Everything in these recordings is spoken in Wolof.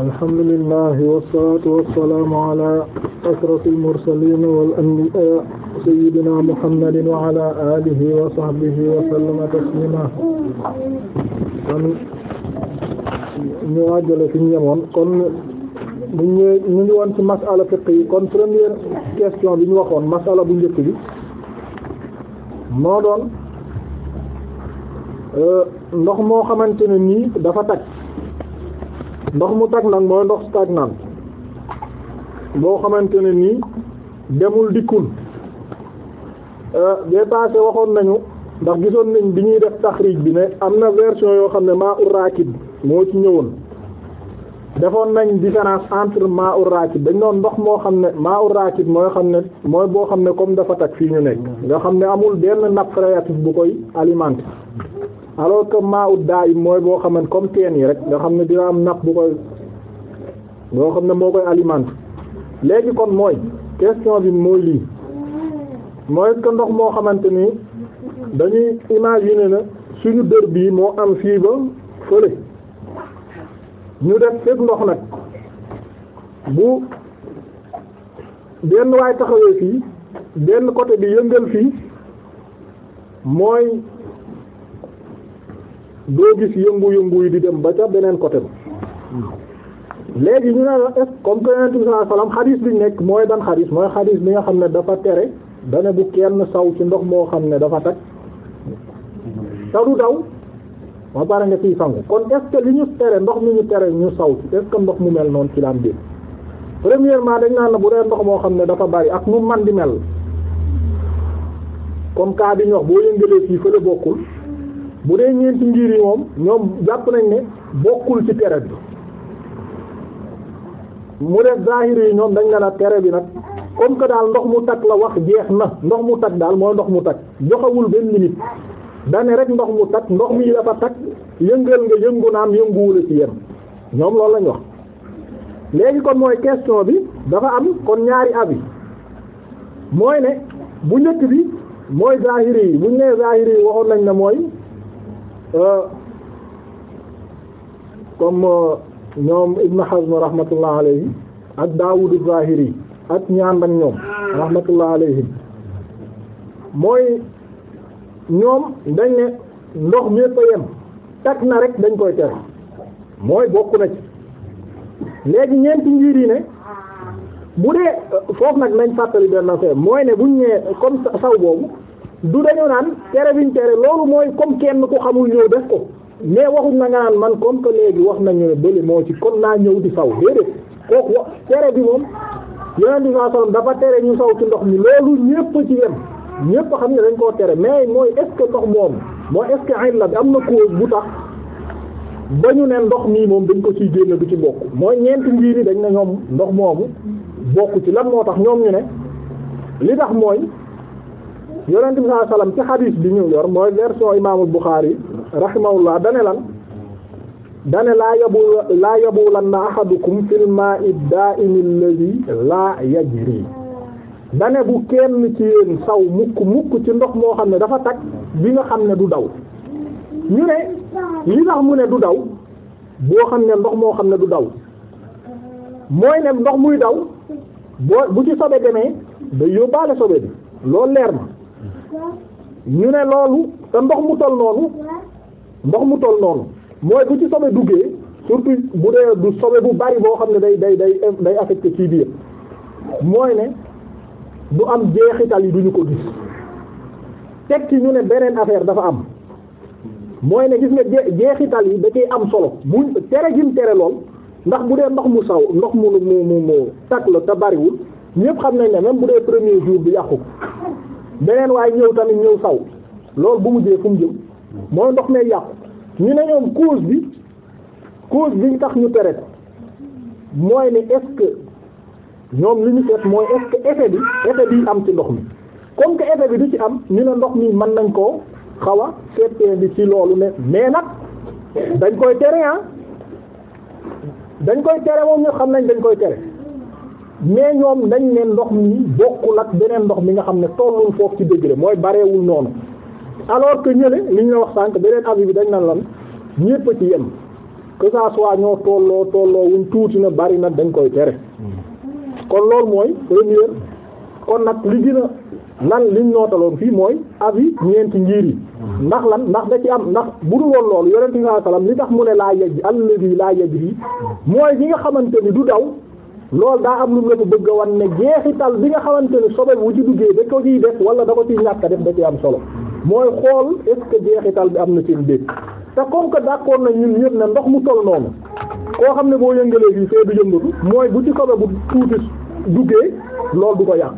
alhamdulillahi wassalatu wassalamu ala ashrafil mursalin wal anbiya sayyidina muhammadin wa ala alihi wa sahbihi wa sallama kon ñu àggale fi ñu yemoon kon ñu ngi woon ci masala fiq yi kon première question bi ñu waxoon masala bu njëkk bi moo doon euh, ndox moo xamante ne nii dafa tag ndox mu tag stagnant mooy ndox stagnant boo xamante ne nii demul dikkul bee euh, passé waxoon nañu ndax gisoon nañ bi ñuy def taxriij bi ne am na version yoo xam ne maa ur raakib moo ci ñëwoon defoon nañ différence entre maa ur raakib dañ doon ndox moo xam ne maa ur raakib mooy xam ne mooy boo xam ne comme dafa tag fii ñu nekk nga xam ne amul benn nappe phréatique bu koy alimenté alors que ma ut daa yi mooy boo xamante comme teen yi rek nga xam ne dina am napp bu koy boo xam ne moo koy alimenté léegi kon mooy question bi mooy lii mooy que ndox moo xamante ni dañuy imaginer na suñu dër bii moo am fii ba fële ñu def fépp ndox nag bu benn waay taxawee fii benn côté bi yëngal fii mooy doo gis yëngu-yëngu yi di dem ba ca beneen côté ba léegi ñu ne la est comme que yonent bi sallallahu bi nekk mooy ban xadis mooy xadis bi nga xam ne dafa tere dana bu kenn saw ci ndox moo xam ne dafa tag te du daw ma pare nga ciy sangu kon est li ñu tere ndox mi ñu tere ñu saw ci est ndox mu mel noonu ci la am premièrement dañ naan la bu dee ndox moo xam ne dafa bari ak mu man di mel comme cas bi ñu wax boo yëngalee fii fële bokkul. bu dee ñeenti ngir yi moom ñoom jàpp nañ ne bokkul ci tere bi mu def zahiri yi ñoom dañ ne la tere bi nag comme que daal ndox mu takk la wax jeex na ndox mu takk daal mooy ndox mu takk joxawul benn limite dane rek ndox mu takk ndox mi dafa takk yëngal nga yëngu naam yënguwula ci yem ñoom loolu lañ wax léegi kon mooy question bi dafa am kon ñaari avis mooy ne bu njëkk bi mooy zahiri yi bu ñu nee zahiri yi waxoon nañ ne mooy Euh, comme euh, ñoom Ibn Hazm rahmatullah alayhi ak Daawud az ak ñaan ak ñoom rahmatullah alayhim mooy ñoom dañ ne ndox mi ko yem takk na rek dañ koy tere mooy bokk na ci léegi ñeenti njiir yi ne bu dee foofu nag nañ fàttali benn affaire mooy ne buñ ne comme saw boobu du dañoo naan tere biñ tere loolu mooy comme kenn ku xamul ñëw def ko mais waxut na nga naan man comme que léegi wax nañu ne bële moo ci kon naa ñëw di saw déedéet kooku wax tere bi moom yeneen di saa soxna dafa tere ñu saw ci ndox mi loolu ñépp ci yem ñépp xam ne dañ koo tere mais mooy est-ce que ndox moom mooy est-ce que la bi am na cause bu tax ba ñu ne ndox mii moom dañ ko ci génn du ci bokk mooy ñeenti mbir yi dañ ne ñoom ndox moomu bokk ci lan moo tax ñoom ñu ne li tax mooy. yonent bi sallallahu alayhi wasallam ci xadiis bi ñu yor mooy version imaamul Buxaari rahimahullah dane lan dane laa yabu laa yabulanna ahadukum fil ma'i da'imi alladhi laa yajri dane bu kenn ci yéen saw mukk mukk ci ndox moo xam ne dafa tag bi nga xam ne du daw ñu ne li tax mu ne du daw boo xam ne ndox moo xam ne du daw mooy ne ndox muy daw boo bu ci sobe demee day yóbbaale sobe bi loolu leer na ñu ne loolu te ndox mu toll noonu ndox mu toll noonu mooy bu ci sobe duggee surtout bu dee du sobe bu bari boo xam ne day day day day affecté ci biir mooy ne du am jeexital yi duñu ko gis teg ci ñu ne beneen affaire dafa am mooy ne gis nga jeexital yi da cay am solo buñ tere gim tere lool ndax bu dee ndox mu saw ndox mu mu mu mu takk la te bariwul ñépp xam nañ ne même bu dee premier jour bi yàqu beneen waaye ñëw tamit ñëw saw lool bu mujjee fu mu jëm mooy ndox mee yàqu ñu ne ñoom cause bi cause bi tax ñu tere ko mooy ne est ñoom li ñu seet mooy est-ce effet bi effet bi am ci ndox mi comme que effet bi du ci am ñu ne ndox mi mën nañ koo xaw a seetee bi ci loolu ne mais nag dañ koy tere ah dañ koy tere moom ñu xam nañ dañ koy tere mais ñoom dañ leen ndox mi bokkul ak beneen ndox mi nga xam ne tollul foofu ci degré mooy bareewul noonu alors que ñële li ñu la wax sànq beneen avis bi dañ na lan ñépp a ci yem que ça ñoo tolloo tolloo wuñ na bari na dañ koy tere kon loolu mooy première kon nag li gën a lan liñ nootaloon fii mooy avis ñeenti ngir yi ndax lan ndax da ci am ndax bu dul woon loolu yonent bi sallallahu alayhi wasallam li tax mu ne laa yaj alladi laa yajri mooy li nga xamante ni du daw lool daa am lu mu la bëgg a wan ne jeexital bi nga xamante ne sobe bu ci duggee da ko ciy def wala da ko ciy ñàkk def da ci am solo mooy xool est-ce que jeexital bi am na ci déet te comme que d'accord na ñun ñëpp ne ndox mu toll noonu koo xam ne boo yëngalee bi fee du yëngatu mooy bu ci sobe bu tuuti duggee loolu du ko yàq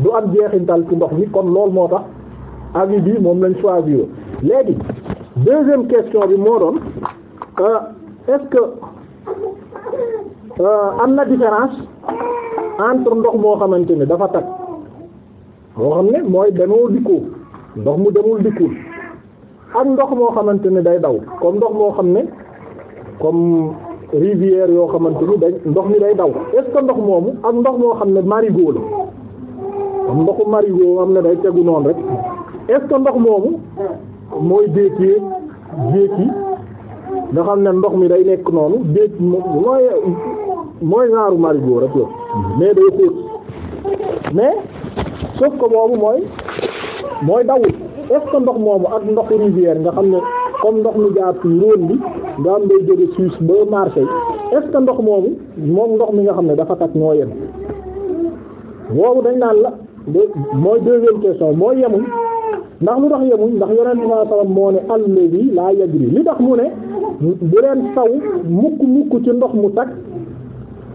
du am jeexintal ci ndox mi kon lool moo tax avis bi moom lañ choisir léegi deuxième question bi moo doon euh, est Euh, am na différence entre ndox moo xamante ne dafa tag moo xam ne mooy demoo dikkoo ndox mu demul dikkul ak ndox moo xamante ne day daw comme ndox moo xam ne comme rivière yoo xamante ni day ndox mi day daw est ndox moomu ak ndox moo xam ne marigot la comme ndoxu marigot am na day tegu noonu rek est ndox moomu mooy déetee déet yi nga xam ne ndox mi day nekk noonu déet mooy mooy genre marigot rek la mais day xóot mais sauf que boobu mooy mooy dawul est-ce ndox moomu ak ndoxu rivière nga xam ne comme ndox mi jaar fii Rhône bi nga am day jóge Suisse ba Marseille est ndox moomu moom ndox mi nga xam ne dafa tag moo yem boobu dañ naan la mooy deuxième question mooy yemuñ ndax lu tax yemuñ ndax yonent bi sallam moo ne allazi laa yajri li tax mu ne bu leen taw mukk mukk ci ndox mu tag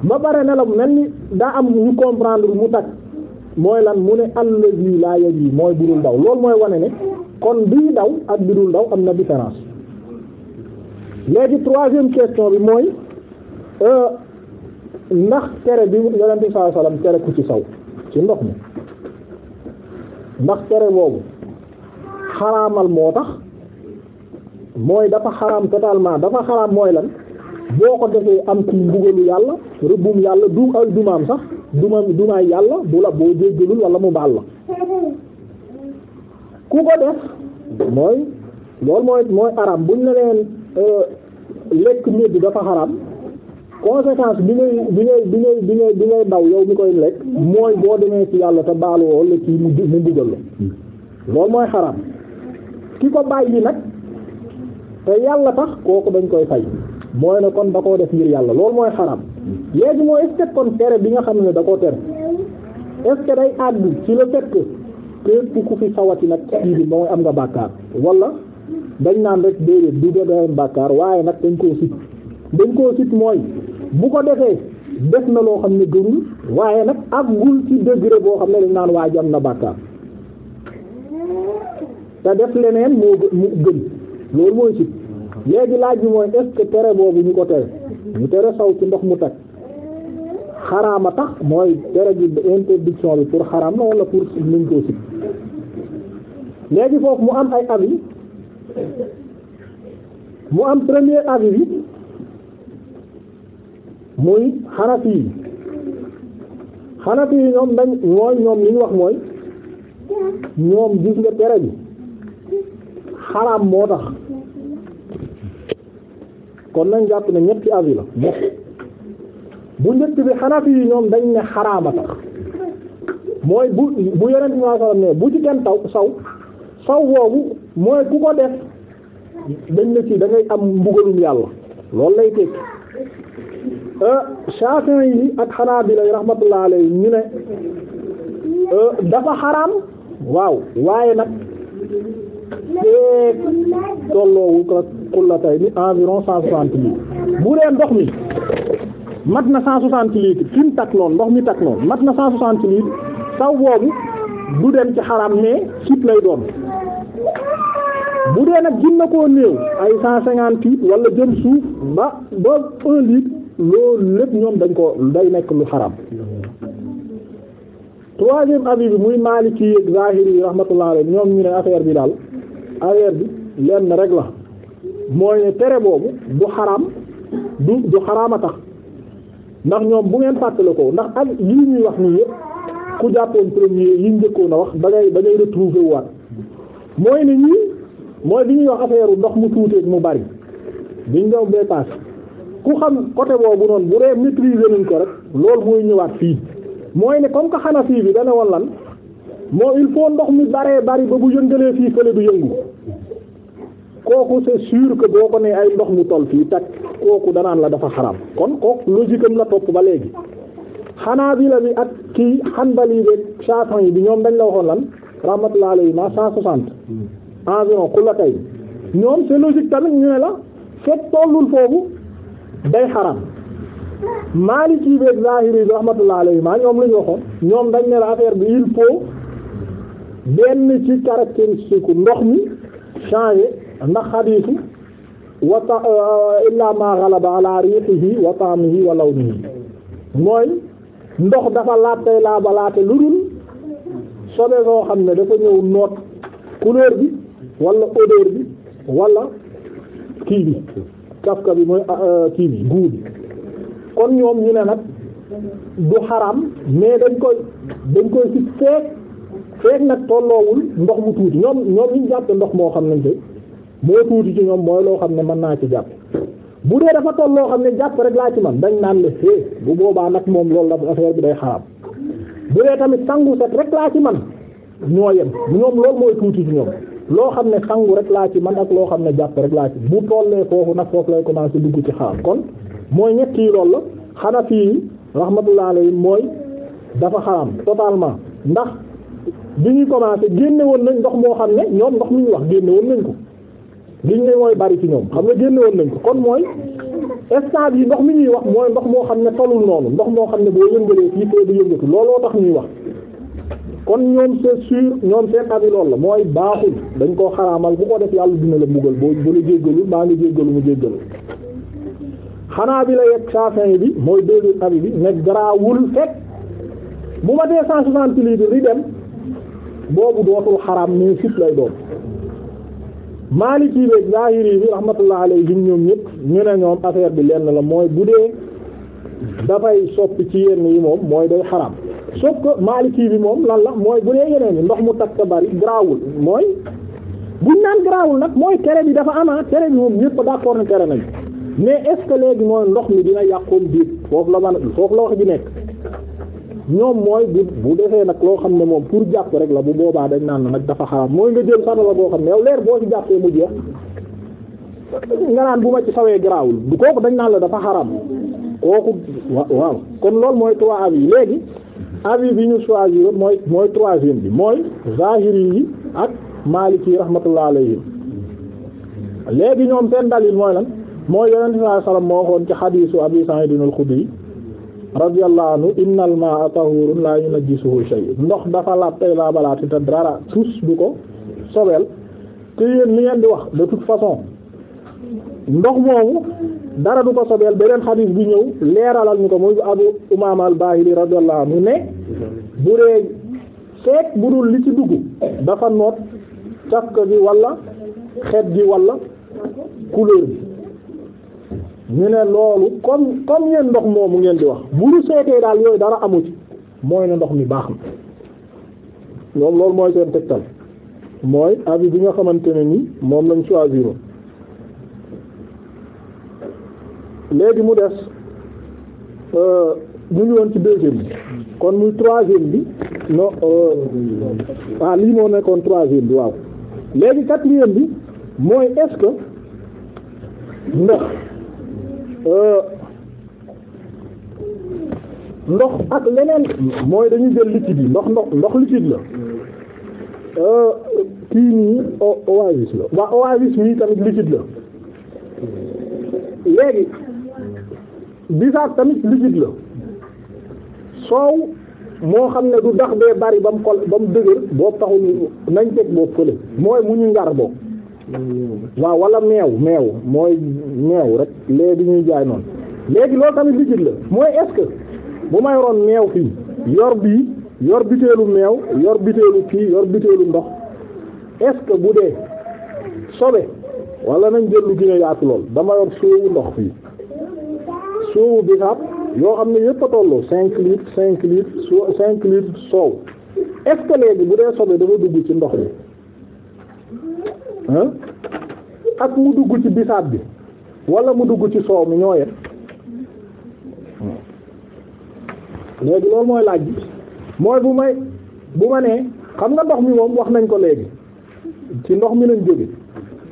ba pare ne mel ni daa am ñu comprendre mu takk mooy lan mu ne allazi laa yaj yi mooy budul daw loolu mooy wane ne kon bii daw ak budul daw am na différence léegi troisième question bi mooy euh, ndax tere bi yonent bi sallallahu alayhi wasallam tere ku ci saw ci ndox mi ndax tere boobu xaraamal moo tax mooy dafa xaraam totalement dafa xaraam mooy lan boo ko defee am ci mbugalu yàlla rëbbum yàlla du ay dumaam sax dumaam dumaay yàlla bu la boo jéggalul wala mu baal la ku ko def mooy loolu mooy mooy aram buñ ne leen euh, lekk médd dafa xaram conséquence bi ngay bi ngay bi ngay bi ngay bi daw yow mi koy lekk mooy boo demee ci yàlla te baalu woo la ci mu mu mbugal la mooy xaram ki ko yi nag te yàlla tax kooku dañ koy fay mooy nag kon da koo def ngir yàlla loolu mooy xaraam léegi mooy est-ce kon tere bi nga xam ne da koo tere est-ce que day àgg ci le fait que ku fi sawati nag kii bi mooy am nga bàkkaar wala dañ naan rek déedéet du dee bàkkaar waaye nag dañ koo sit dañ koo sit mooy bu ko defee def na loo xam ne gënul waaye nag àggul ci degré boo xam ne dañ naan waa jam na bàkkaar te def leneen moo gën loolu mooy sit léegi laaj bi mooy est-ce que tere boobu ñu ko tere ñu tere saw ci ndox mu tag a tax mooy tere gi interdiction bi pour xaraam la wala pour nuñ koo sib léegi foofu mu am ay avis mu am premier avis bi muy xanafi yi xanafi yi ñoom dañ mooy ñoom li wax mooy ñoom gis nga tere bi xaraam moo tax kon nañ jàpp na ñetti avis la bu njëkk bi xanafi yi ñoom dañ ne xaraama tax mooy bu bu yonent naa salam ne bu ci kenn taw saw saw boobu mooy ku ko def dañ la ci da ngay am mbugalum yàlla loolu lay tekki euh, Shafi'i yi ak Hanabila rahmatullah alayhi ñu ne euh, dafa xaraam waaw waaye nag tolloowu ko xullatayni environ cent soixante litres bu dee ndox mi mat na cent soixante litres fi mu takk noonu ndox mi takk noonu mat na cent soixante litres taw boobu du dem ci xaram mais sip lay doon bu dee nag gën na ko néew ay cent cinquante litres wala jëm suuf ba ba un litre loolu lépp ñoom dañ ko day nekk lu xaram troisième avis bi muy Maliki ak Zahiri yi rahmatullah alayhi ñoom ñu ne affaire bi daal affaire bi lenn rek la mooy ne tere boobu du xaram du du xaraam a tax ndax ñoom bu ngeen fàttale ko ndax ak yii ñuy wax nii yëpp ku jàppoon premier yi njëkkoon a wax da ngay da ngay retrouver waat mooy ni ñii mooy bi ñuy wax affaire ndox mu tuuteeg mu bari biñ doon bee paas ku xam côté boobu noonu bu dee maîtriser nañ ko rek loolu mooy ñëwaat fii mooy ne comme que xana fii bi dana woon lan. moo il faut ndox mu baree bari ba bu yëngalee fii fële du yëngu kooku c'est sûr que boo ko nee ay ndox mu tol fii tak kooku danaan la dafa xaram kon kooku logique am la topp ba léegi xanaa bi ak kii Hanbali bi yi bi ñoom dañ la waxoon lan rahmatullahi alayhim cent soixante environ ku la tey ñoom c'est logique tamit ñu ne la fekk tollul foofu day xaram Maliki bi ak Zahiri bi rahmatullahi alayhim ñoom la ñu waxoon ñoom dañ ne la affaire bi benn ci caractéristique ndox mi changé ndax xadiisu euh, wa ta illa ma ghalaba ala rihihi wa ta'mihi wa lawnihi mooy ndox dafa laatay laa balaate lu dul sobe soo xam ne dafa ñëw noot couleur bi wala odeur bi wala kii bi kafka bi mooy euh, euh, kii bi guur bi kon ñoom ñu ne nag du xaram mais dañ koy dañ koy ci feet feet nag tolloowul ndox mu tuuti ñoom ñoom ñu jàpp ndox moo xam ne moo tuuti ci ñoom mooy loo xam ne mën naa ci jàpp bu dee dafa toll loo xam ne jàpp rek laa ci man dañ naan la bu boobaa nag moom loolu la affaire bi day xaraam bu dee tamit sangu laa ci man ñoo yem ñoom loolu mooy tuuti ci ñoom loo xam ne sangu rek laa ci man ak loo xam ne jàpp rek laa ci bu tollee foofu nag foofu lay commencer dugg ci xaraam kon mooy ñett yi loolu la xanaa fii rahmatullah alayhi mooy dafa xaraam totalement ndax bi ñuy commencé génnewoon woon nañ ndox moo xam ne ñoom ndox mi ñu wax génne nañ ko liñ ne mooy bari ci ñoom xam nga génne nañ ko kon mooy instant yi ndox mi ñuy wax mooy ndox moo xam ne tolul noonu ndox moo xam ne boo yëngalee fii fee du yëngatu looloo tax ñuy wax kon ñoom c'est sûr ñoom seen avis loolu la mooy baaxul dañ koo xaraamal ku ko def yàlla dina la mbugal boo bu la jéggalu maa ngi jéggalu mu jéggalu xanaa bi la yegg saafin bi mooy deuxième avis bi ne garaawul fekk ma dee cent soixante litres dem boobu dootul xaraam mais sit lay doon Maliki yi beeg Zahiri bi rahmatullah alayhim ñoom ñëpp ñu ne ñoom affaire bi lenn la mooy bu dee dafay soppi ci yenn yi moom mooy day xaraam sauf que Maliki bi moom lan la mooy bu dee yeneen yi ndox mu takk bari garaawul mooy buñ naan garaawul nag mooy tere bi dafa ama ah kere bi moom ñëpp d'accord na tere nañ mais est bi que mooy ndox mi dina yàqoom biir foofu la man foofu la wax ji nekk ñoom mooy bu bu defee nag loo xam ne moom pour jàpp rek la bu boobaa dañ naan nag dafa xaraam mooy nga jël satala boo xam ne yow leer boo ci jàppee mu jeex nga naan bu ma ci sawee garaawul du kooku dañ naan la dafa xaraam kooku waaw kon loolu mooy trois avis léegi avis bi ñu choisir mooy mooy troisième bi mooy zahiri yi ak maliki rahmatullah alayhim léegi ñoom seen dalil mooy lan mooy yonent sallallahu alayhi wasallam moo waxoon ci xadiisu Abi Sa'id al-Khudri radiyallahu anhu innal ma'a tahurun la yunajjisuhu shay ndox dafa laab tey laabalaati te dara tus du ko sobel te yéen li di wax de toute façon ndox moomu dara du ko sobeel beneen xadiis bi ñëw leeralal ñu ko muy Abu Umaama al-Baahili radiyallahu anhu ne bu dee seet bu dul li ci dugg dafa noot cafka gi wala xeet gi walla couleur bi ñu ne loolu comme comme ngeen ndox moomu ngeen di wax bu ñu seetee daal yooyu dara amu ci mooy ne ndox mi baax na ñoom loolu mooy seen tegtal mooy avis bi nga xamante ne nii moom lañ choisir léegi mu des euh, ñu ngi woon ci deuxième bi kon muy troisième bi non euh, ah lii moo nekkoon troisième bi waaw léegi quatrième bi mooy est ndox ndox ak leneen mooy dañuy jël liquide yi ndox ndox ndox liquide la euh, kii nii oasis la waa oasis nii tamit liquide la léegi bisaab tamit liquide la soow moo xam ne du dax bee bari ba mu kol ba mu dëgër boo taxul nañ teg boo fële mooy mu ñu ngar boo waaw walla meew meew mooy meew rek léegi ñuy jaay noonu léegi loolu tamit liquide la mooy est-ce que bu ma yoroon meew fii yor bii yor biteelu meew yor biteelu kii yor biteelu ndox est-ce que bu dee sobe wala nañ jël lu gën a yaatu lool dama yor soowu ndox fii soowu bisaab yoo xam ne yëpp a tolloo cinq litres cinq litres cinq litres soow est-ce léegi bu dee sobe dafa dugg ci ndox mi ak mu dugg ci bisaab bi wala mu dugg ci soow mi ñoo yem léegi loolu mooy laaj bi mooy bu may bu ma nee xam nga ndox mi moom wax nañ ko léegi ci ndox mi lañ jóge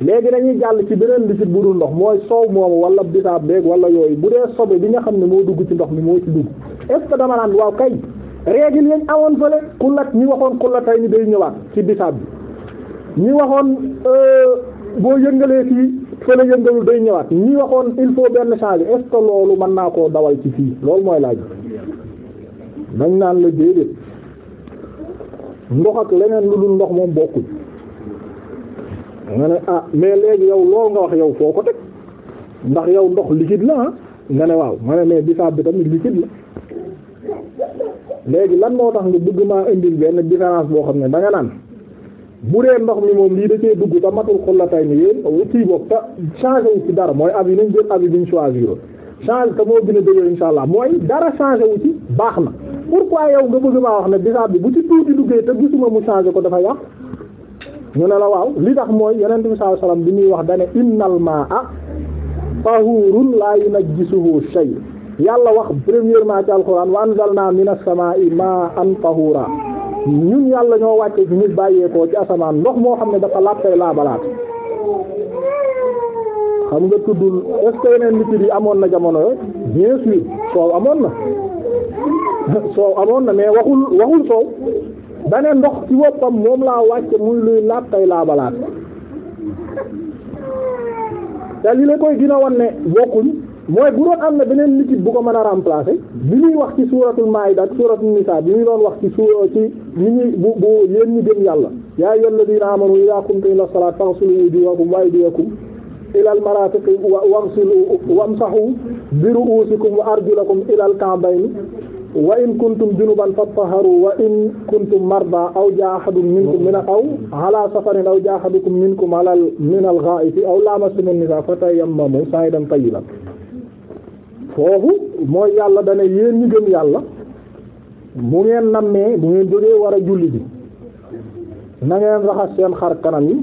léegi dañuy jàll ci beneen lisit bu dul ndox mooy soow moomu wala bisaab beeg wala yooyu bu dee sobe bi nga xam ne moo dugg ci ndox mi moo ci dugg est-ce que dama naan waaw kay règle yañ awoon fële kulat ñi waxoon kulatay ni day ñëwaat ci bisaab bi ñi waxoon euh, boo yëngalee fii fële yëngalul day ñëwaat ñi waxoon il faut benn change est-ce loolu mën naa koo dawal ci fii loolu mooy laaj dañ naan la déedéet ndox ak leneen lu dul ndox moom bokkul nga ne ah mais léegi yow loolu nga wax yow foo ko teg ndax yow ndox liquide la ah nga ne waaw nga ne mais bisaab bi tamit liquide la léegi lan moo tax nga bëgg maa indil benn différence boo xam ne danga naan bu dee ndox mi moom lii da cee dugg ko matul xullatay ni yéen kii boobu te changé wu ci dara mooy avis nañ jël avis bi ñu choisir changé te moo gën a dëgër insha allah mooy dara changé wu ci baax na pourquoi yow nga bëgg maa wax ne bisaab bi bu ci tuuti duggee te gisuma mu changé ko dafa yàq ñu ne la waaw li tax mooy yonent bi sallallahu alayhi wasallam bi ñuy wax dane innal ma'a tahurun la yunajjisuhu shay yàlla wax premièrement ci alxuraan wa anzalna minas samaa'i ma'an tahura ñun yàlla ñoo wàcce bi nit bàyyeekoo ci asamaan ndox moo xam ne dafa laajtay laabalaat xam nga tuddul est-ce que yi amoon na jamono yooyu bien sûr soow amoon na soow amoon na mais waxul waxul soow dane ndox ci woppam moom laa wàcce muy luy laajtay laabalaat te li la koy gën a ne bokkuñ mooy bu doon am na beneen liquide bu ko mën a remplacer bi ñuy wax ci suuratul maayida ak suuratul nisaa bi ñuy doon wax ci suura ci ñi ñuy bu bu yéen ñi gëm yàlla yaa ayyuhal ladiina aamanu idaa qumtum ila salaati faghsilu wujuuhakum wa aydiyakum ilal maraafiqi waghsilu wamsahuu bi ru'uusikum wa arjulakum ilal ka'bayni wa in kuntum junuban fatahharu wa in kuntum mardaa aw jaa'a ahadun minkum min aw ala safarin aw jaa'a ahadukum minkum ala min al-ghaa'iti aw lamastum an-nisaa fatayammamu sa'idan tayyiban foofu mooy yàlla dana yéen ñi yàlla mu ngeen nammee bu ngeen jógee war a julli bi nangeen ngeen raxas seen xar kanam yi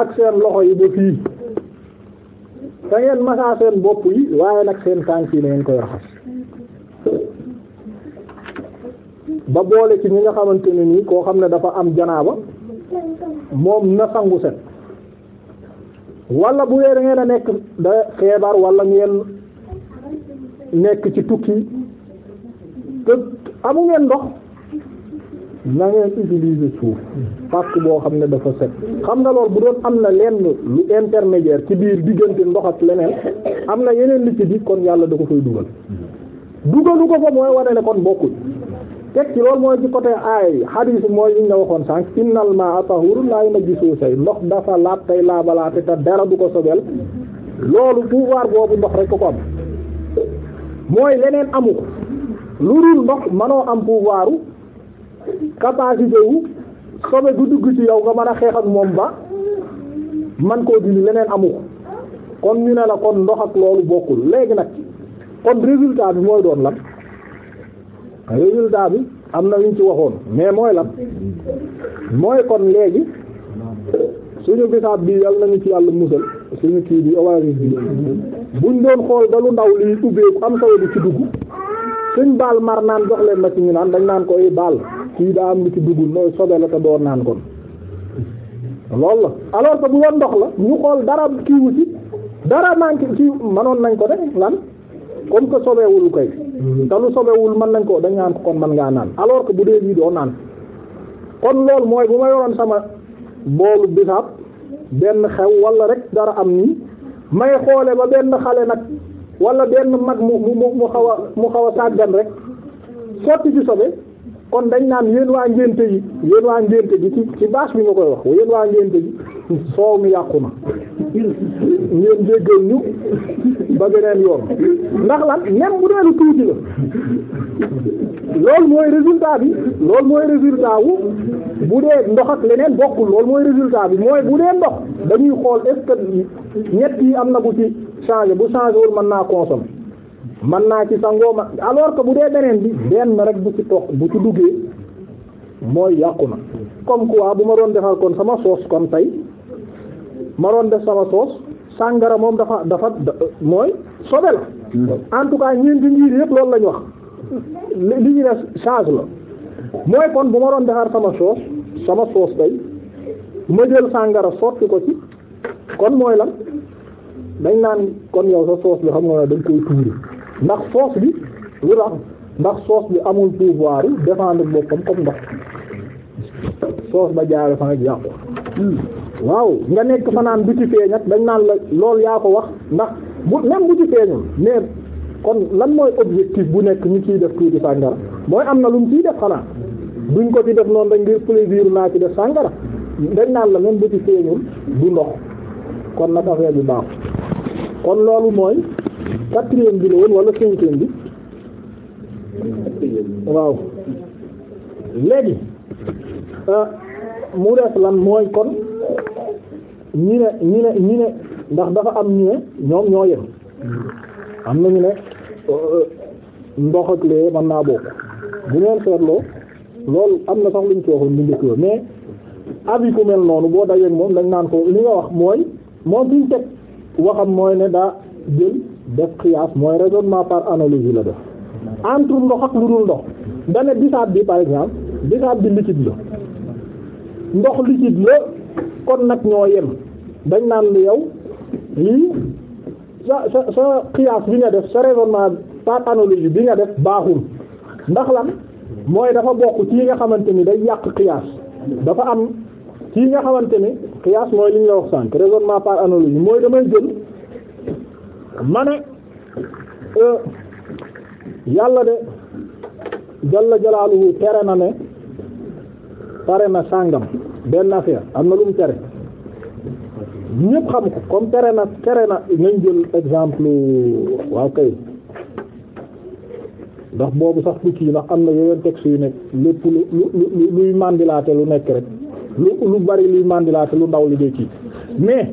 ak seen loxo yi ba fii te ngeen masaa seen bopp yi waaye nag seen tànk yi na koy raxas ba boole ci ñi nga xamante ne nii koo xam ne dafa am janaaba moom na sangu set wala bu dee da ngeen a nekk da feebar wala ngeen nekk ci tukki te amu ngeen ndox na ngeen utiliser suuf parce boo xam ne dafa set xam nga lool bu doon am na lenn lu intermédiaire ci biir diggante ndox ak leneen am na yeneen li ci bi kon yàlla da ko fay dugal dugalu ko fa mooy wane kon bokkul teg ci loolu mooy ci côté aay xadiis mooy liñ la waxoon sànq innal maa'a tahuurun laa yunajjisuhu say ndox dafa laab tey laabalaate te dara du ko sobel loolu pouvoir boobu ndox rek ko ko am mooy leneen amu ko lu dul ndox mënoo am pouvoir capacité wu sobe du dugg ci yow nga man a xeex ak moom ba man koo dindi leneen amu kon ñu ne la kon ndox ak loolu bokkul léegi nag kon résultat bi mooy doon lan daa bi am na luñ ci waxoon mais mooy lan mooy kon léegi suñu bisaab bi na ñu ci yàlla musal suñu kii bi awaris bi buñ doon xool dalu ndaw liy ubbeeku am solo bi ci dugg suñ baal mar naan jox leen ma ci ñu naan dañ naan ko ay eh, baal kii daa am lu ci dugg nooy sobe la te doo naan kon loolu la alors que bu woon ndox la ñu xool dara kiiwu ci dara manqué ci mënoon nañ ko de lan comme que sobewulu kay te lu sobewul mën nañ ko dañ naan ko kon mën ngaa naan alors que bu dee bii doo naan kon loolu mooy bu ma yoroon sama boolu bisaab benn xew walla rek dara am nii may xoole ba benn xale nag wala benn mag mu mu mu xaw a mu xaw a sàggan rek sotti ci sobe kon dañ naan yéen waa ngénte yi yéen waa ngénte gi ci ci bâche bi ma koy wax yéen waa ngénte gi soow mi yàqu na ngeen déggal ñu ba beneen yoon ndax la même bu dee lu tuuti la loolu mooy résultat bi loolu mooy résultat wu bu dee ndox ak leneen bokkul loolu mooy résultat bi mooy bu dee ndox dañuy xool est-ce ñett yi am na bu ci changé bu changé wul mën naa consommer mën naa ci sangoo ma alors que bu dee beneen bi benn rek bu ci tox bu ci duggee mooy yàqu na comme quoi bu ma doon defar kon sama soos kon tey ma doon def sama soos sàngara moom dafa dafa mooy sobe la en tout cas ñeenti njiit yëpp loolu lañu wax li ñu ne change la mooy kon bu ma doon defar sama soos sama soos day ma jël sàngara sotti ko ci kon mooy lan dañ naan kon yow sa soos bi xam nga ne dañ koy tuuri ndax soos bi lu tax ndax soos bi amul pouvoir yi défendre boppam comme ndox soos ba jaare fa nga yàqu waaw nga nekk fa naan du ci feeñ ak dañ naan la lool yaa ko wax ndax bu même bu ci feeñul mais kon lan mooy objectif bu nekk ñu ciy def tuuti sàngara mooy am na lu mu ciy def xanaa duñ ko ci def noonu dañ ngir plaisir naa ci def sàngara dañ naan la même bu ci feeñul du ndox kon nag affaire bi baax kon loolu mooy quatrième bi la woon wala cinquième bi waaw léegi. Euh, mu des lan mooy kon ñi ne ñi ne ñi ne ndax dafa am ñu ne ñoom ñoo yem am na ñu ne euh, ndox ak lee mën naa bokk bu ngeen seetloo loolu am na sax luñ ci waxoon lu njëkk yoo mais abi ku mel noonu moom dañ naan ko li nga wax mooy moom biñ teg waxam mooy ne daa jël def xiyaas mooy raisonnement par analogie la def entre ndox ak lu dul ndox dane bisaab bi par exemple bisaab bi liquide la ndox liquide la kon nag ñoo yem dañ naan lu yow lii sa sa sa xiyaas bi nga def sa raisonnement par analogie bi nga def baaxul ndax lan mooy dafa bokk ci yi nga xamante ni day yàq xiyaas dafa am ci nga xamante ni xiyaas mooy li ñu la wax sànq raisonnement par analogie mooy damay jël ma ne euh, yàlla de jalla jalaaluhu tere na ne pare na sàngam benn affaire am na lu mu tere ñëpp xam ko comme tere na tere na nañ jël exemple waaw kay ndax boobu sax du kii ndax am na yeneen texte yu nekk lépp lu lu luy mandilaate lu nekk rek lu lu bari luy mandilaate lu ndaw li dee kii mais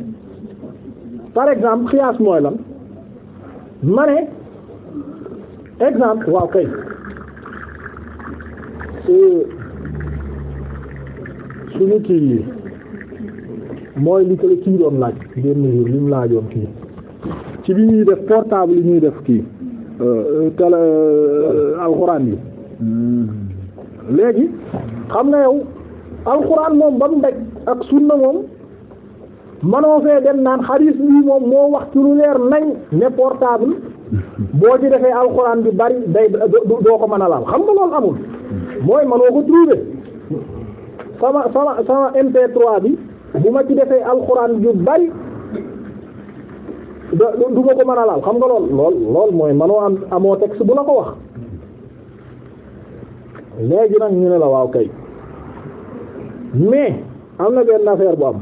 par exemple xiyaas mooy lan ma ne exemple waaw kay. Euh, suñu kii mooy li ko kii doon laaj benn jour li mu laajoon kii ci bi ñuy def portable yi ñuy def kii euh, tele euh, alxuraan yi hmm. léegi xam na yow alxuraan moom ba mu daj ak sunna moom manoo fee dem naan xadiis bi moom moo wax ci lu leer nañ ne portable boo ci defee alxuraan bi bari day doo ko mën a laal xam nga loolu amul hmm. mooy manoo ko trouver sama sama sama MP3 bi bu ma ci defee alxuraan yu bari da du ma ko mën a laal xam nga lool lool lool mooy manoo am amoo texte bu la ko wax léegi nag ñu ne la waaw kay mais am na benn affaire bu am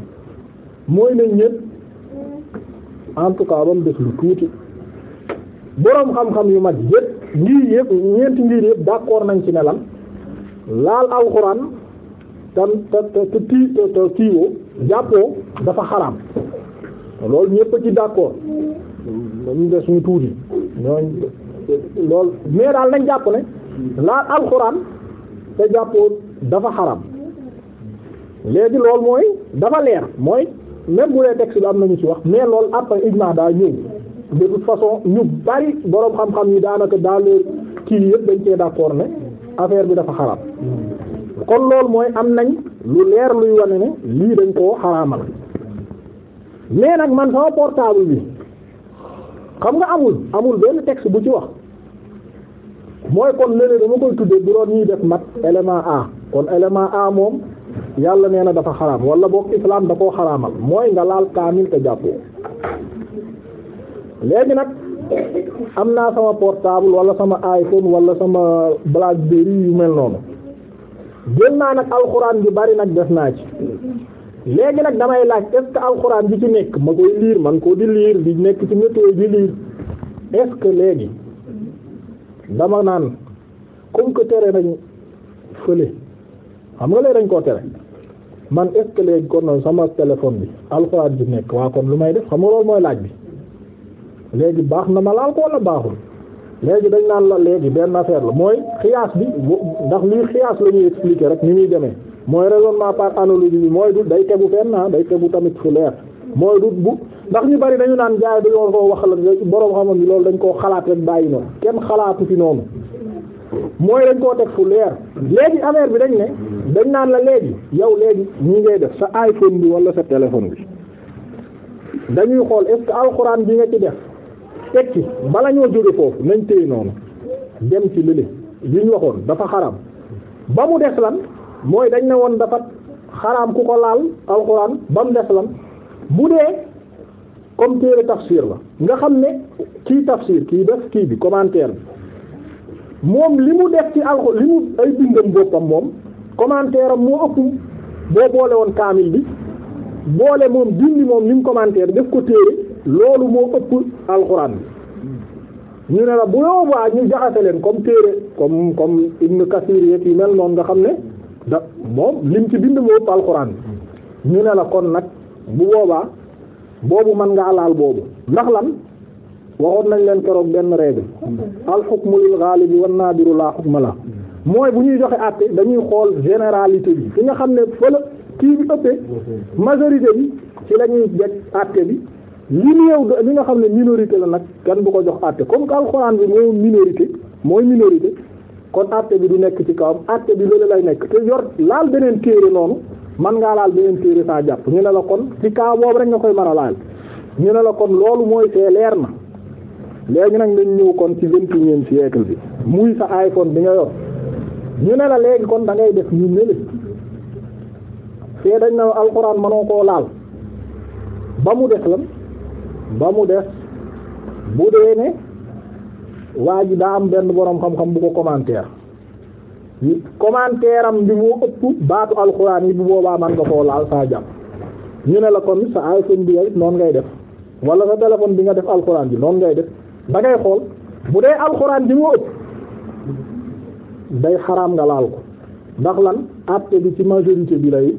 mooy nañ ñëpp en tout cas ba mu def lu tuuti boroom xam-xam yu mag yëpp ngir yëpp ñeenti ngir yëpp d'accord nañ ci ne lan laal alxuraan tan te te tii te jàppoo dafa xaraam loolu ñëpp ci d'accord dañu des ñu tuuti ñooñ loolu mais daal lañ jàpp ne laal alxuraan te jàppoo dafa xaraam léegi loolu mooy dafa leer mooy même bu dee texte bi am nañu ci wax mais lool après ijma daa ñëw de toute façon ñu bari boroom xam-xam yi daanaka daal kii yëpp dañ cee d'accord ne affaire bi dafa xaraam kon loolu mooy am nañ lu leer luy wane ne lii dañ koo xaraamal mais nag man sama portable bi xam nga amul amul benn texte bu ci wax mooy kon léeg-léeg dama koy tuddee bu doon ñuy def mat élément A kon élément A moom yàlla nee na dafa xaraam wala boog islam da koo xaraamal mooy nga laal kaamil te jàppoo léegi nag am naa sama portable wala sama iPhone wala sama BlackBerry yu mel noonu. gën naa nag alxuraan bi bari nag def naa ci léegi nag damay laaj est-ce que alxuraan bi ci nekk ma koy liir man ko di liir di nekk ci météo di liir est-ce léegi dama naan comme que tere nañu fële xam nga leen dañ koo tere man est-ce que léegi kon noonu sama téléphone bi alxuraan bi nekk waa kon lu may def xam nga loolu mooy laaj bi léegi baax na ma laal ko wala baaxul léegi dañ naan la léegi benn affaire la mooy xiyaas bi ndax lii xiyaas la ñuy expliquer rek ni muy demee mooy raisonnement par analogie bi mooy du day tegu fenn naa ah day tegu tamit fu leer mooy du bu ndax ñu bari dañu naan jaay dañoo koo wax la boroom xamam ni loolu dañ koo xalaat rek bàyyi noonu kenn xalaatu fi noonu mooy dañ koo teg fu leer léegi affaire bi dañ ne dañ naan la léegi yow léegi ñii ngay def sa iPhone bi walla sa téléphone bi dañuy xool est-ce bi nga ci def tekki bala ñoo jóge foofu nañ téye noonu dem ci lële li ñu waxoon dafa xaram ba mu des lan mooy dañ ne woon dafa xaraam ku ko laal alxuraan ba mu des lan mu dee comme téere tafsir la nga xam ne kii tafsir kii def kii bi commentaire bi moom li mu def ci alxuraan li mu ay bindam boppam moom commentaire am moo ëpp boo boole woon kaamil bi boole moom dindi moom li mu commentaire def ko téere loolu moo ëpp alxuraan bi ñu ne la bu yoobaa ñu jaxase leen comme téere comme comme Ibn Kasir yi mel noonu nga xam ne da moom lim ci bind moo ëpp alxuraan bi ñu ne la kon nag bu boobaa boobu mën nga laal boobu ndax lan waxoon nañ leen keroog benn règle alxukmu lil ghalib naa nadiru la xukma la mooy bu ñuy joxe àtte dañuy xool généralité bi ki nga xam ne fële kii bi ëppee majorité bi ci la ñuy àtte bi li néew li nga xam ne minorité la nag kan bu ko jox àtte comme que alxuraan bi mooy minorité mooy minorité kon àtte bi du nekk ci kawam àtte bi loolu lay nekk te yor laal beneen téere noonu man ngaa laal beneen téere saa jàpp ñu ne la kon ci kaw boobu rek nga koy mën a laal ñu ne la kon loolu mooy fee leer na léegi nag nañ ñëw kon ci vingt et unième siècle bi muy sa iPhone bi nga yor ñu ne la léegi kon da ngay def ñu meli fee dañ na alxuraan mënoo koo laal ba mu def lan ba mu des bu dee ne waa ji daa am benn boroom xam-xam bu ko commentaire commentaire bi mu ëpp baatu alxuraan yi bu boobaa man nga koo laal saa jàpp ñu ne la kon sa iPhone bi nga it noonu ngay def wala sa téléphone bi nga def alxuraan bi noonu ngay def da xool bu dee alxuraan bi moo ëpp day xaraam nga laal ko ndax lan àtte bi ci majorité bi lay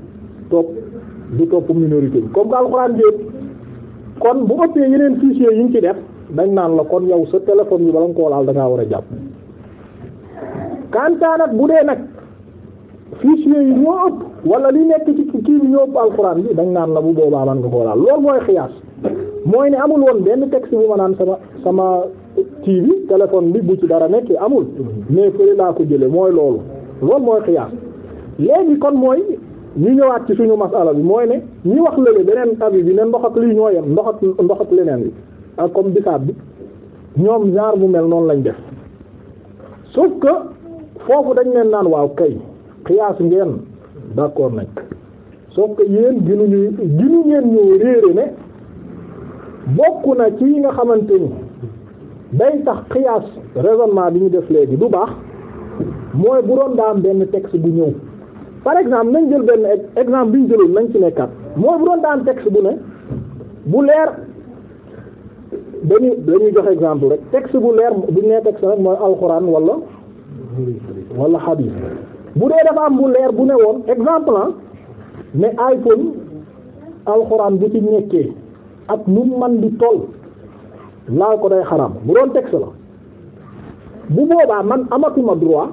topp du topp minorité bi comme alxuraan bi kon bu ëppee yeneen fichier yi ñu ci def dañ naan la kon yow sa téléphone yi bala nga koo laal da ngaa war a jàpp kantaanat bu dee nag fichier yi ñoo ëpp wala li nekk ci kii bi ñoo ëpp alxuraan bi dañ naan la bu boobaa man nga koo laal loolu mooy xiyaas mooy ne amul woon benn texte bu ma naan sama sama kii bi téléphone bi bu ci dara nekk amul mm-hmm. mais fële laa ko jële mooy loolu loolu mooy xiyaas léegi kon mooy ñu ñëwaat ci suñu masala bi mooy ne ñi wax lële beneen abi bi ne ndox ak lii ñoo yem ndox ak ndox ak leneen bi ak comme bisaab bi ñoom ñaar bu mel noonu lañu def sauf que foofu dañ leen naan waaw kay xiyaas ngeen d'accord nañ sauf que yéen ginuñu ginu ngeen ñoo réere ne bokk na ci yi nga xamante ni day tax xiyaas raisonnement bi ñu def léegi du baax mooy bu doon daam benn texte bu ñëw par exemple nañ jël benn exemple bi ñu jëloon nañ ci nekkat mooy bu doon daan texte bu ne bu leer dañuy dañuy jox exemple rek texte bu leer bu ñu nee texte rek mooy alxuraan wala wala xadiis bu dee dafa am bu leer bu ne woon exemple ah mais iPhone alxuraan bu ci nekkee ak nu man di toll laal ko day xaram bu doon texte la bu boobaa man amatuma droit.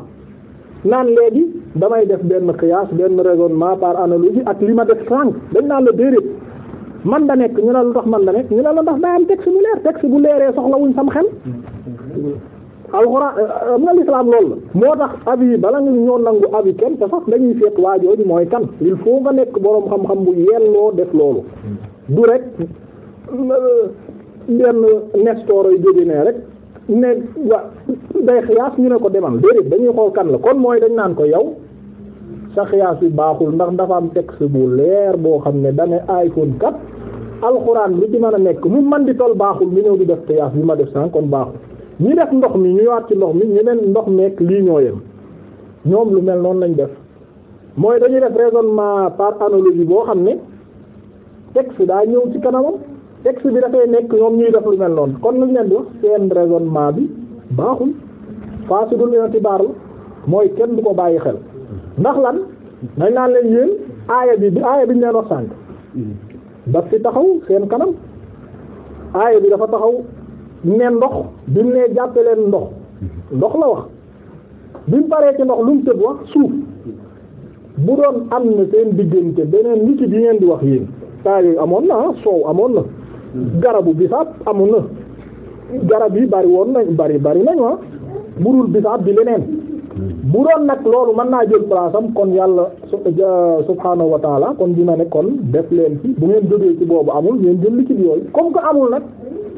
naan léegi damay def benn xiyaas benn raisonnement par analogie ak li ma def sànq dañ naan la déedéet man da nekk ñu ne la lu tax man da nekk ñu ne la ndax daa am texte bu leer texte bu leeree soxlawuñ sam xel alxuraan euh, am na l'islam loolu la moo tax avis bala nga ñoo nangu avis kenn te sax dañuy seet waajooju mooy kan il foo nga nekk boroom xam-xam bu yelloo def loolu du rek euh, benn jóge ne rek ne wa day xiyaas ñu ne ko demal déedéet dañuy xool kan la kon mooy dañ naan ko yow sa xiyaas bi baaxul ndax dafa am texte bu leer boo xam ne dane iPhone 4 alxuraan lu ci mën a nekk mu man di tol baaxul ñu ñëw di def xiyaas bi ma def san kon baaxul ñi def ndox mi ñu ñëwaat ci ndox mi ñu neen ndox meek lii ñoo yem ñoom lu mel noonu nañ def mooy dañuy def raisonnement par analogie boo xam ne texte daa ñëw ci kanamam texte bi dafay nekk ñoom ñuy def lu mel noonu kon lu ñu leen di wax seen raisonnement bi baaxul fasidul intibaar la mooy kenn du ko bàyyi xel ndax lan dañ naan leen yéen aaya bi bi aaya bi ñu leen wax sànk daf fi taxaw seen kanam aaya bi dafa taxaw ne ndox bi mu nee jàppe leen ndox ndox la wax bi mu paree ci ndox lu mu tëb wax suuf bu doon am na seen diggante beneen nit yi ngeen di wax yéen taa yooyu amoon na ah soow amoon na garabu bisaab amul na garab yi bari woon nañ bari bari nañu ah burul bisaab bi leneen bu doon nag loolu mën naa jël place am kon yàlla subhaanahu wa taala kon dina ne kon def leen fi bu ngeen jógee ci boobu amul ngeen jël li ci bi yooyu comme que amul nag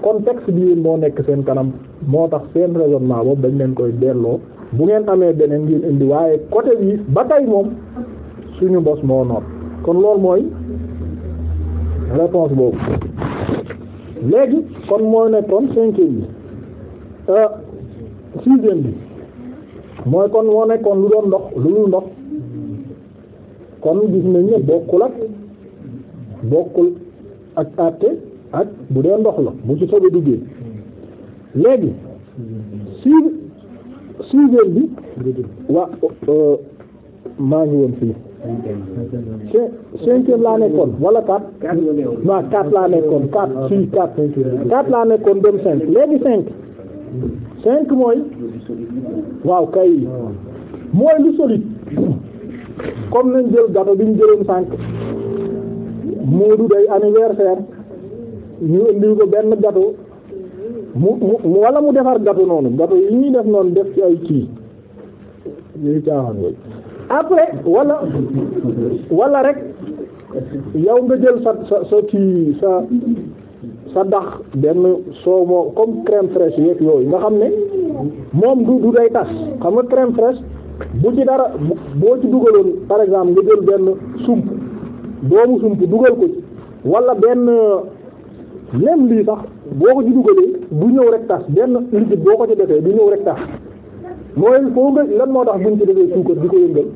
contexte bi moo nekk seen kanam moo tax seen raisonnement boobu dañ leen koy delloo bu ngeen amee beneen ngeen indi waaye côté bi ba tey moom suñu bos moo noot kon loolu mooy réponse boobu léegi kon mooy nekkoon cinquième bi euh, sixième bi mooy kon moo nekkoon lu doon ndox lu dul ndox kon gis nañ ne bokkul ak bokkul ak àtte ak bu dee ndox la bu ci soobee léegi si sixième bi waa euh, maa ngi woon fii cinquième laa nekkoon wala quatre waaw quatre laa nekkoon quatre si quatre quatre laa nekkoon dem cinq léegi cinq cinq mooy waaw kay mooy lu solide comme nañ jël gâteau bi ñu jëloon cinq Moodu day anniversaire ñu indi ko benn gâteau mu mu wala mu defar gâteau noonu gâteau yi ñuy def noonu def ci ay kii après walla wala rek yow nga jël sa sa sa ci sa sa ndax benn soo moo comme crème fraîche yooyu nga xam ne moom du du day tas xam nga crème fraîche bu ci dara boo ci dugaloon par exemple nga jël benn sump doomu sump dugal ko ci wala benn même lii sax boo ko ci dugalee du ñëw rek tas benn liquide boo ko ci defee du ñëw rek tas mooy il faut nga lan moo tax buñ ci defee suukar di ko yëngal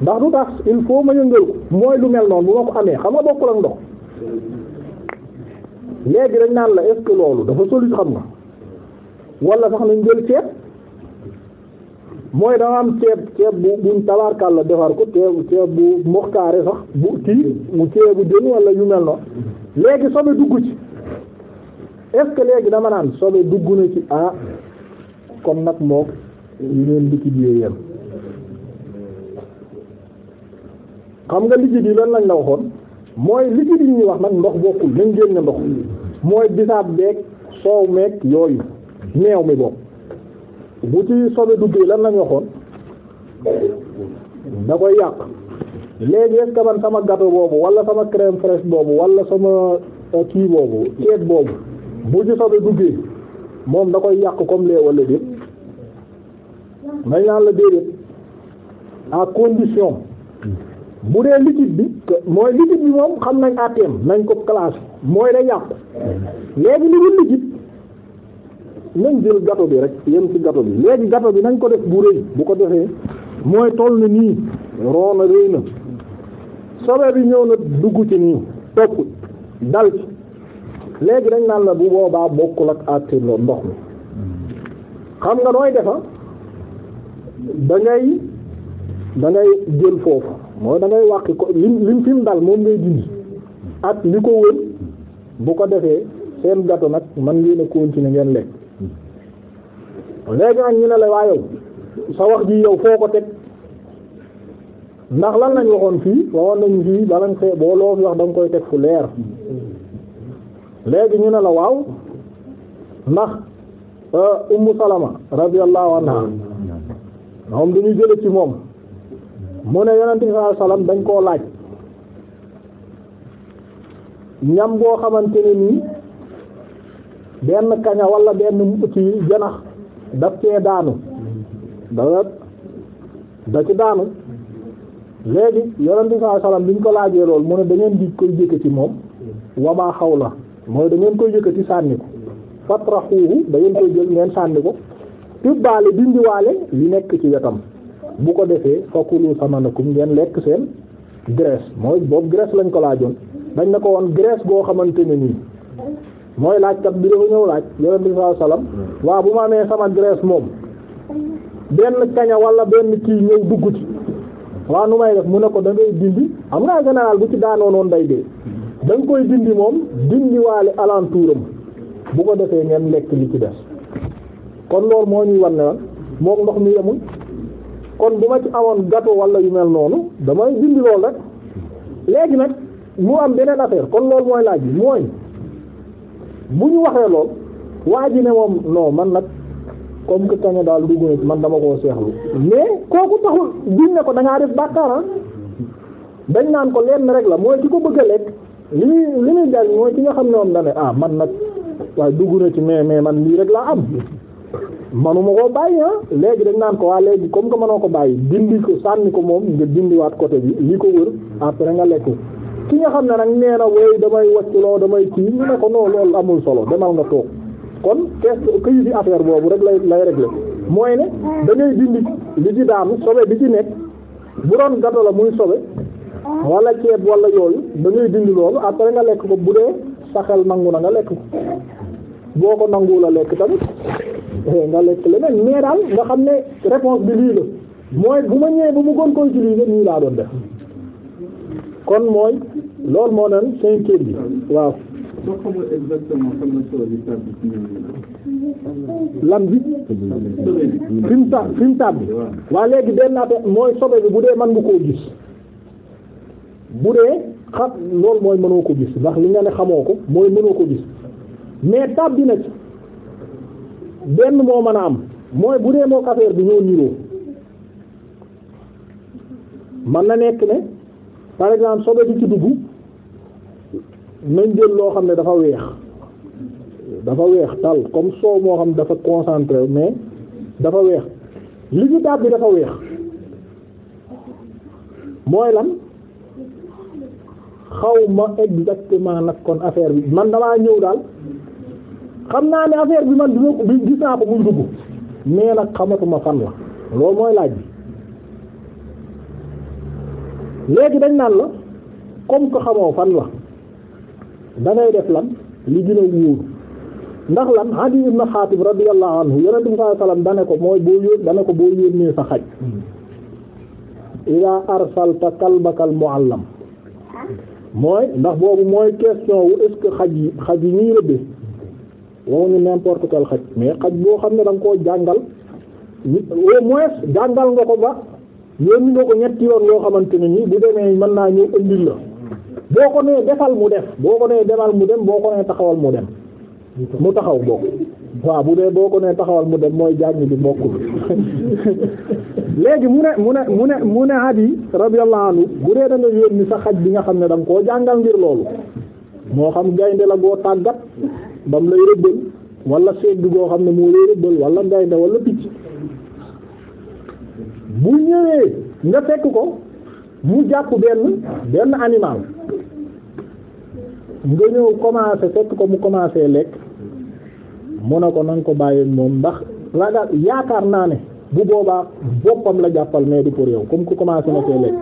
ndax du tax il faut ma yëngal ko mooy lu mel noonu bu ma ko amee xam nga bokkul ak ndox léegi dañ naan la est-ce que loolu dafa solide xam nga walla sax nañ jël ceeb mooy dama am ceeb ceeb bu buñ tabaarkal la defar ko ceeb ceeb bu moxtaare sax bu kii mu ceebu jën wala yu mel noonu léegi sobe dugg ci est léegi dama naan sobe dugg na ci ah kon nag mook ngeen liquidier yéen xam nga yi lan lañ la waxoon mooy liquide yi ñuy wax nag ndox bokkul nañ génn ndox mooy bisaab beeg soow meeg yooyu neew mi bokk bu ci sobe duggee lan lañ waxoon da koy yàq léegi est-ce que man sama gâteau boobu wala sama crème fraîche boobu wala sama euh, kii boobu ceeb boobu bu ci sobe duggee moom da koy yàq comme lee wala déet may naan la déedéet à condition bu dee liquide bi mooy liquide bi moom xam nañ ATM nañ ko classé mooy day yàqu léegi li ñu liquide nañ jël gâteau bi rek yem ci gâteau bi léegi gato bi nañ ko def bu rëy bu ko defee mooy toll na nii roo a rëy na sobe bi ñëw na dugg ci nii topp dal ci léegi dañ naan la bu boobaa bokkul ak àtte ndox mi xam nga nooy defa dangay dangay da jël foofu mooy dangay ngay ko lim lim fi mu dal moom ngay dindi ak li ko wër bu ko defee seen gato nag man ngeen a continuer ngeen lekk léegi nag ñu ne la waa yow sa wax ji yow foo ko teg ndax lan lañ waxoon fii waxoon nañ fii balañ fee boo loo fi wax da koy teg fu leer léegi ñu ne la waaw ndax euh, Ummu Salama radiyallahu anha moom dañuy jële ci moom mu ne yonente bi dañ koo laaj ñam boo xamante ne nii benn kaña wala benn ci janax daf cee daanu da da ci daanu léegi yonente bi sallallahu alayhi wasallam ko laajee lool mu ne da ngeen di koy ci moom wamaa xaw la mooy da ngeen koy yëkkati sànni ko fatraxuuhu da ngeen koy jël ngeen sànni ko tubbaale dindiwaale li nekk ci wetam bu ko defee fakulu samanakum ngeen lekk seen graisse mooy boobu graisse lañ ko laajoon dañ ne ko woon graisse goo xamante ne nii mooy laajkat bi dafa ñëw laaj yonent bi sallallahu waa wasallam waaw bu ma amee sama graisse moom benn kaña wala benn kii ñëw dugg ci waaw nu may def mu ne ko dangay ngay dindi am nga général bu ci daanoo noonu day dee da koy dindi moom dindiwaale alenturam bu ko defee ngeen lekk li ci des kon loolu moo ñuy wan ne lan moom ndox mi yemul kon bu ma ci amoon gâteau walla yu mel noonu damay dindi loolu rek léegi nag mu am beneen affaire kon loolu mooy laaj bi mooy bu ñu waxee lool waa ji ne moom non man nag kom que kaña daal dugg na man dama koo seexlu mais kooku taxul duñ ne ko da ngaa def bàkkaar ah dañ naan ko lenn rek la mooy ki ko bëgg a lekk li muy li muy jariñ mooy ki nga xam ne moom da ah man nag waaye dugg na ci mais mais man lii rek laa am manuma koo bàyyi ah léegi dañ naan ko waa léegi comme que mënoo ko bàyyi dindi ko sànni ko moom nga dindiwaat côté bi li ko wër après nga lekk ki nga xam ne nag nee na wooy damay wàcculoo damay kii ñu ne ko non loolu amul solo demal nga toog kon kees këyi di affaire boobu rek lay lay réglé mooy ne da ngay dindi li ci daanu sobe bi ci nekk bu doon gato la muy sobe wala ceeb wala yooyu da ngay dindi loolu après nga lekk ko bu dee saxel nangu na nga lekk ko boo ko Eh, nga lekk leneen mais daal nga xam ne réponse bi lii la mooy bu ma ñëwee bu mu gën ko utiliser nii laa doon def kon mooy loolu moo naan cinquième bi waaw. soo xamul exactement fan la soobee tàbbi ci lan bi. fi mu tàbb fi mu tàbb. waaw léegi benn affaire mooy sobe bi bu dee mën nga koo gis bu dee xam loolu mooy mënoo ko gis ndax li nga ne xamoo ko mooy mënoo ko gis mais tàbbi na ci. benn moo mën a am mooy bu dee moo affaire bi ñoo niroo man na nekk ne par exemple sobe bi ci dugg nañ jël loo xam ne dafa weex dafa weex tal comme soow moo xam dafa concentré mais dafa weex li ci dab bi dafa weex mooy lan xaw ma exactement nag kon affaire bi man damaa ñëw daal xam naa ne affaire bi man duma bi gis naa ko muy dugg mais nag xamatuma fan la loolu mooy laaj bi léegi dañ naan la comme que xamoo fan la da ngay def lan li gën a wóor ndax lan Adi ibn Xaatib radiyallahu anhu yonent bi sallallahu alayhi wasallam dane ko mooy boo yóon dane ko boo yónnee sa xaj ila arsalta kalbakal muallam mooy ndax boobu mooy question wu est-ce que xaj yi xaj yi ñuy rëbbee waxuñu n'importe quel xaj mais xaj boo xam ne danga koo jàngal au moins jàngal nga ko ba yónni nga ko ñetti yoon loo xamante ne nii bu mën naa ñëw indil la ko defal mu def boo ko nee mu dem boo taxawal mu dem mu taxaw bokk waaw bu dee boo ko taxawal mu dem mooy jàng bi bokkul mu ne mu ne mu mu ne Adi radiyallahu anhu bu dee da nga yónni sa xaj bi nga xam ne da koo jàngal ngir loolu moo xam gaynde la goo tàggat ba mu lay rëbbal wala segg goo xam ne moo lay rëbbal wala gaynde wala picc bu ñëwee nga fekk ko mu jàpp benn benn animal nga ñëw commencé fekk ko mu commencé lekk mu ne ko nanga ko bàyyi moom ndax ragal yaakaar naa ne bu boobaa boppam la jàppal mais du pour yow comme ku commencé na see lekk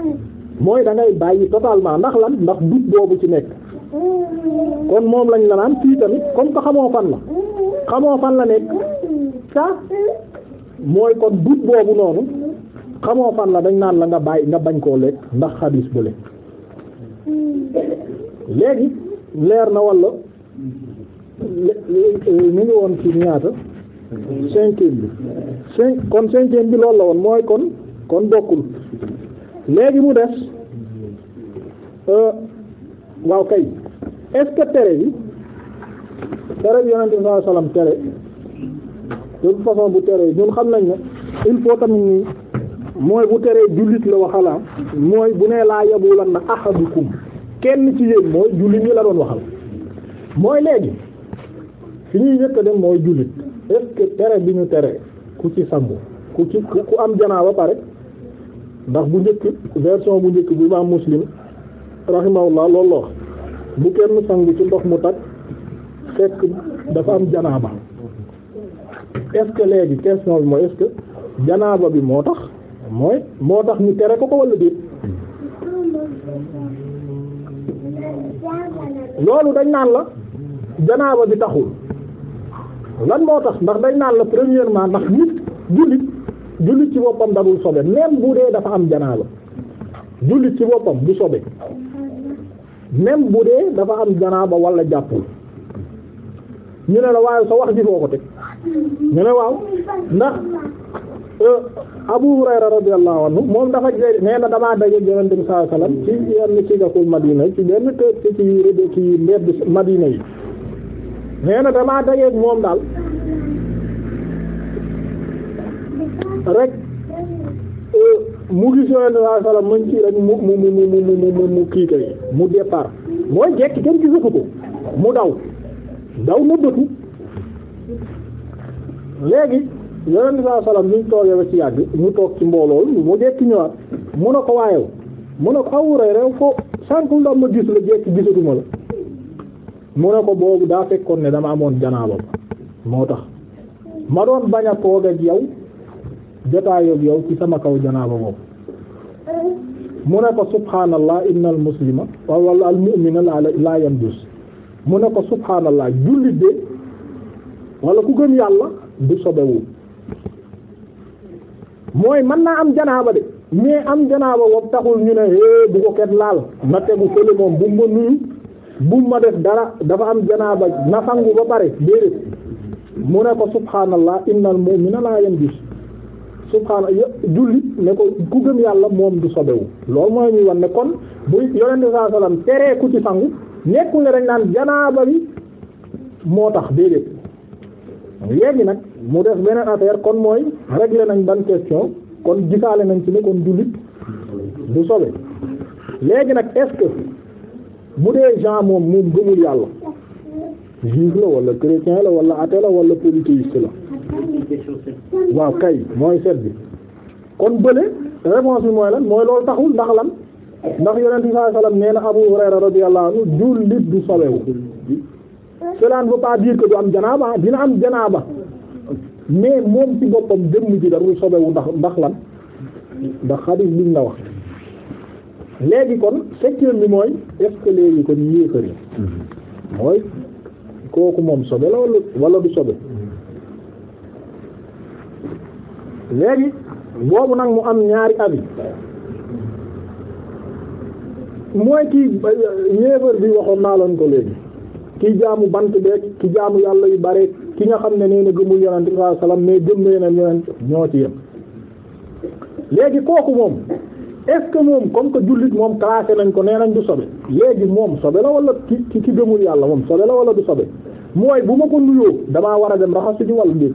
mooy da ngay bàyyi totalement ndax lan ndax dut boobu ci nekk kon moom lañu la naan fii tamit comme que xamoo fan la xamoo fan la nekk ça mooy kon dut boobu noonu xamoo fan la dañ naan la nga bàyyi nga bañ koo lekk ndax xadis bële léegi leer na walla ñu euh, ngi woon ci ñaata cinquième bi cinq kon cinquième bi loolu la woon mooy kon kon bokkul léegi mu des euh, waaw kay est tere bi tere bi yonente bi tere de façon bu tere ñun xam nañ na il faut tamit nii mooy bu teree jullit la waxala ah, mooy bu nee laa yabulan na ahadukum kenn ci yéen mooy jullit ñi la doon waxal mooy léegi fi ñuy njëkk dem mooy jullit est-ce tere bi ñu tere ku ci sangu ku ci ku am janaa ba pare ndax bu njëkk version bu njëkk bu imaam muslim rahimahullah loolu la bu kenn sangu ci ndox mu tag fekk dafa am janaaba est léegi question bi mooy est-ce janaaba bi moo tax mooy moo tax ni tere ko ko walla déet loolu dañ naan la janaaba bi taxul lan moo tax ndax dañ naan la premièrement ndax nit jullit jullit ci boppam darul sobe même bu dee dafa am janaaba jullit ci boppam du sobe même bu dee dafa am janaaba wala jàppul ñu ne la waaye sa wax ji foo ko teg ñu ne waaw ndax euh, Abu Hurayra radiyallahu anhu moom dafa jël nee na damaa daje Yonent bi sallallahu ci yenn ci gàkku Madina ci benn kër ci ci rëdd ci mbedd Madina yi nee na damaa dajeeg moom daal rek. mu gis yonent sallallahu alayhi wasallam mën ci rek mu mu mu mu mu mu kii kay mu départ mooy jekk kenn gisu ko mu daw daw na bëtu léegi yonent sallallahu alayhi wasallam ñu toogee ba ci yàgg mu toog ci mbooloo mu jekk ñëwaat mu ne ko waayew mu ne ko awuree rew ko sànq ndax ma gis la jekk gisatuma la mu ne ko boobu daa fekkoon ne dama amoon janaaba tax ma doon bañ a toog ak yow jotaayoog yow ci sama kaw janaaba boobu mu ne ko subhaanallah inna al muslima wala al laa la yandus mu ne ko subhaanallah jullit de wala ku gëm yàlla du sobewu mooy mën naa am janaaba de mais am janaaba boobu taxul ñu ne hee eh, bu ko ket laal na tegu fële moom bu ma nuyu bu ma def dara dafa am janaaba na sangu ba pare déedéet mu ne ko subhaanallah inna al mu'mina la yandus subhaana julli ne ko ku gëm yàlla moom du sobewu loolu mooy ñuy wan ne kon buy yonente saa sallam teree ku ci sangu nekkul ne dañ naan janaaba moo tax déedéet léegi nag mu def beneen affaire kon mooy réglé nañ ban question kon gisaale nañ ci nekkoon kon jullit du sobe léegi nag est-ce que bu dee gens moom moom gëmul yàlla juif la wala chrétien la wala athée la wala polythéiste la waaw kay mooy seet bi kon bële réponse bi mooy lan mooy loolu taxul ndax lan ndax yonent bi sallallahu alayhi wasallam na Abu Hurayra radiyallahu anhu jullit du sobewu cela ne veut pas dire du am janaaba dina am janaaba mais moom ci boppam jëmm ji darul sobewu ndax ndax lan ndax xadiis liñ la wax léegi kon septième bi mooy est-ce que léegi kon yéefar mooy kooku moom sobe la wala du sobe léegi boobu nag mu am ñaari abi mooy kii yéefar bi waxoon naa leen ko léegi kii jaamu bant beeg ki jaamu yàlla yu bare ki nga xam ne nee na gëmul yonente sallallahu alayhi wasallam mais gëm nee na yonent ñoo ci yem léegi kooku moom est moom comme que jullit moom classé nañ ko nee nañ du sobe léegi moom sobe la wala ki ki gëmul yàlla moom sobe la wala du sobe mooy bu ma ko nuyoo damaa war a dem raxasuñu wàllu déet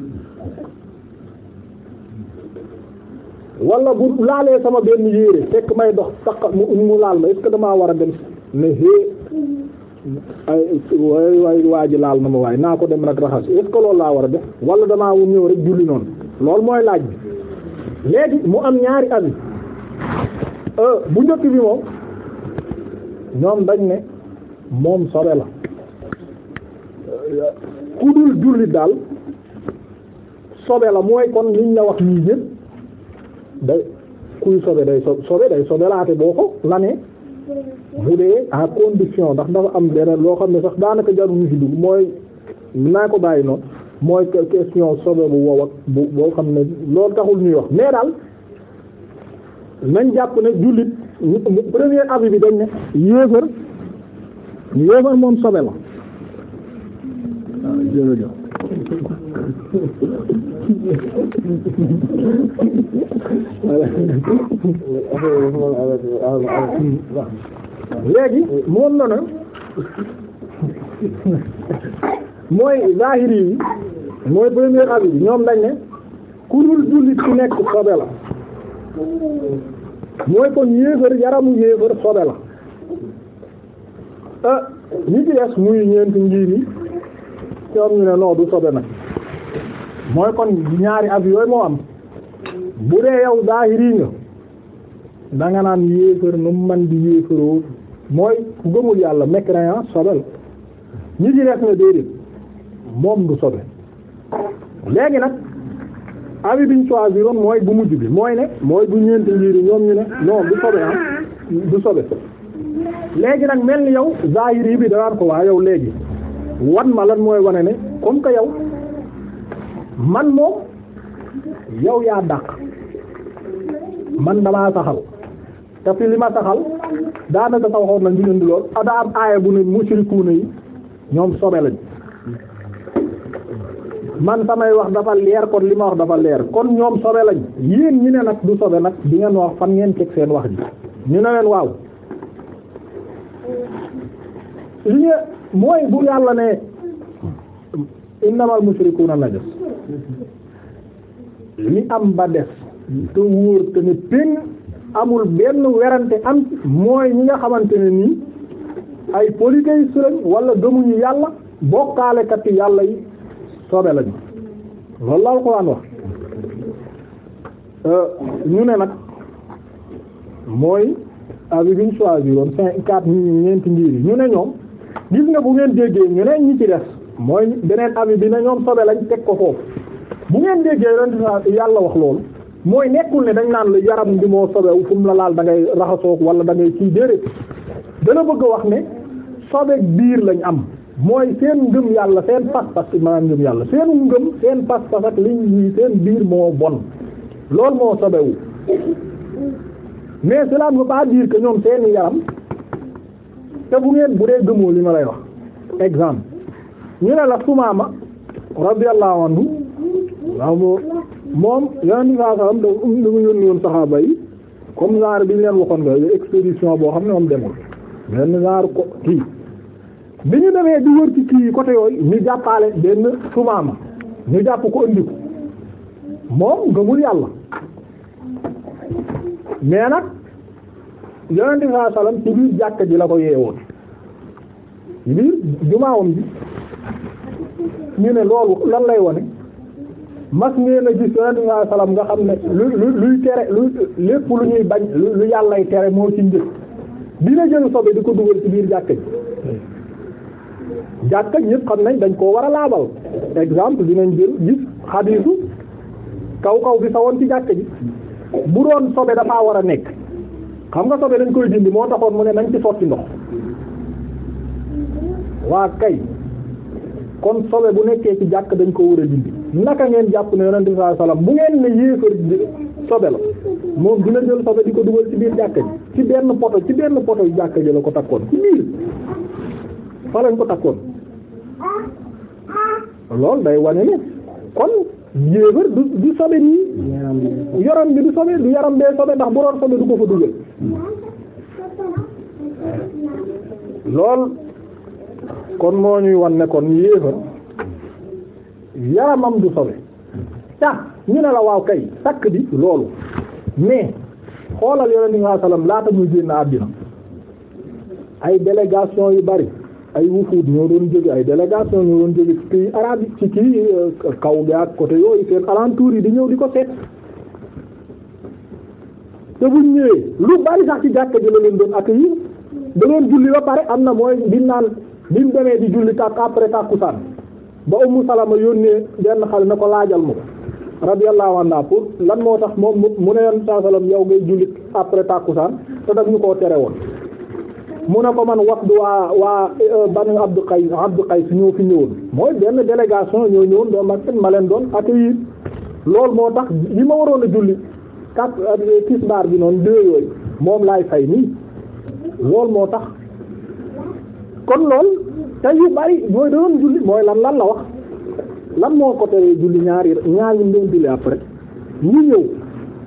wala bu laalee sama benn yére fekk may dox takk mu mu laal ma est damaa war a dem ne hee ay waay waay waa ji laal na ma waaye naa ko dem rek raxas est-ce que laa war a def wala damaa ñëw rek julli noonu loolu mooy laaj bi léegi mu am ñaari avis euh, bu njëkk bi moom ñoom dañ ne moom sobe la ku dul julli daal sobe la mooy kon liñ la wax nii yëpp day kuy sobe day so sobe day sobelaate boo ko lanee bu dee à condition ndax dafa am beneen loo xam ne sax daanaka jarul ñu ci dugg mooy naa ko bàyyi noonu mooy question sobe bu wow ak bu boo xam ne loolu taxul ñuy wax mais daal nañ jàpp ne jullit premier avis bi dañ ne yéefar yéefar moom sobe la ah, léegi moom na na mooy zahiri yi mooy premier avis bi ñoom dañ ne ku dul jullit ku nekk sobe la mooy kon yéefar yaramu yéefar sobe la ah ñi ci des muy ñeenti ne non du mooy kon ñaari avis yooyu moo am bu dee yow zahiri nga danga naan yéefar nu man di yéefaroo mooy ku gëmul yàlla mécréant ah, sobel ñi ci def na déedéet moom du sobe léegi nag avis biñ choisiroon mooy bu mujj bi mooy ne mooy bu ñeenti njiiri ñoom ñu ne non du sobe ah du sobe léegi nag mel ni yow zahiri bi danaan ko waa yow léegi wan ma lan mooy wane ne comme que yow man moom yow yaa dàq man damaa saxal te fi li ma saxal daanaka sa waxoon nañ ñu di lool ada am aaya bu ne mushrikuuna yi ñoom sobe lañ man samay wax dafa leer kon li ma wax dafa leer kon ñoom sobe lañ yéen ñu ne nag du sobe nag di ngeen wax fan ngeen teg seen wax ji ñu ne leen waaw li ñu mooy bu yàlla ne innamal mushrikuuna najas li am ba def te wóor te ne pén amul benn werante am mooy ñi nga xamante ne nii ay polythéistes lañ wala gëmuñu yàlla bokkaalekati yàlla yi sobe lañu loolu la alxuraan wax euh, ñu ne nag mooy avis bi ñu choisir woon cinq quatre ñeenti ngir yi ñu ne ñoom gis nga bu ngeen déggee ñu ne ñi ci def mooy beneen avis bi na ñoom sobe lañ teg ko foofu bu ngeen déggee yonent yàlla wax loolu mooy nekkul ne dañ naan la yaram bi moo sobewu fu mu la laal da ngay raxasoog wala dangay ngay ciy déedéet dana bëgg a wax ne sobe biir lañ am mooy seen ngëm yàlla seen pas-pas maanaam ngëm yàlla seen ngëm seen pas-pas ak liñ yi seen biir moo bon loolu moo sobewu mais cela ne veut pas dire que ñoom seeni yaram te bu ngeen bu dee gëmoo li ma lay wax exemple ñu ne la Sumaama radiyallahu anhu waaw moom yeneen saa saxam da da mu yónni woon yi comme genre bi ñu leen waxoon nga expédition boo xam ne moom dem benn ko kii bi ñu demee di wër ki kii côté yooyu ñu jàppale benn Sumaama ñu jàpp ko indi ko moom gëmul yàlla mais nag yonente bi sallam ci biir jàkk ji la ko yeewoon biir jumaawam bi ñu ne loolu lan lay wane mas ngeen a gis yonent bi salaam nga xam ne lu luy tere lu lépp lu ñuy bañ lu yàllay kere moo ci njëkk dina jël sobe di ko dugal ci biir jàkka ji jàkka ñëpp xam nañ dañ ko war a laabal exemple dinañ jël gis xadiisu kaw kaw bi sawoon ci jàkka ji bu doon sobe dafaa war a nekk xam nga sobe dañ koy dindi moo taxoon mu ne nañ ci sotti ndox waa kay kon sobe bu nekkee ci jàkk dañ ko war a dindi naka ngeen jàpp na yonent bi sallallahu alayhi wasallam bu ngeen ne yéefar sobe la moom dina jël sobe di ko dugal ci biir jàkka ji ci benn poto ci benn poto jàkka ji la ko takkoon ci biir fa lañ ko takkoon loolu day wane ne kon yéefar du du sobe nii yaram bi du sobe du yaram bee sobe ndax bu doon sobe du ko fa dugal lool kon moo ñuy wan ne kon yéefar yaramam du sobe tax ñu ne la waaw kay sakk bi loolu mais xoolal yonent bi sallam laata muy génn àddina ay délégation yu bari ay wufuut ñoo doon jóge ay délégation ñoo doon jóge ci pays kii euh, kaw gi ak côté yooyu seen alentours yi di ñëw di ko seet te bu ñëwee lu bari sax ci jàkka ji la leen doon accueillir da doon julli ba pare am na mooy bi bi mu demee di julli tàkk après tàkkusaan ba Ummu Salama yónnee benn xale na ko laajal ma ko radiyallahu anha pour lan moo tax moom mu ne yoon saa salaam yow ngay julli après tàkkusaan te daf ñu ko tere woon mu ne ko man wax du waa waa euh, banu Abdu Qays Abdu Qays ñoo fi ñëwoon mooy benn délégation ñoo ñëwoon doon ma ma leen doon accueillir loolu moo tax bi ma waroon a julli quatre euh, tisbaar bi noonu deux yooyu moom laay fay nii loolu moo tax kon lool te yu bari mooy doon julli mooy lan lan la wax lan moo ko teree julli ñaari ñaari ñu doon julli après ñu ñëw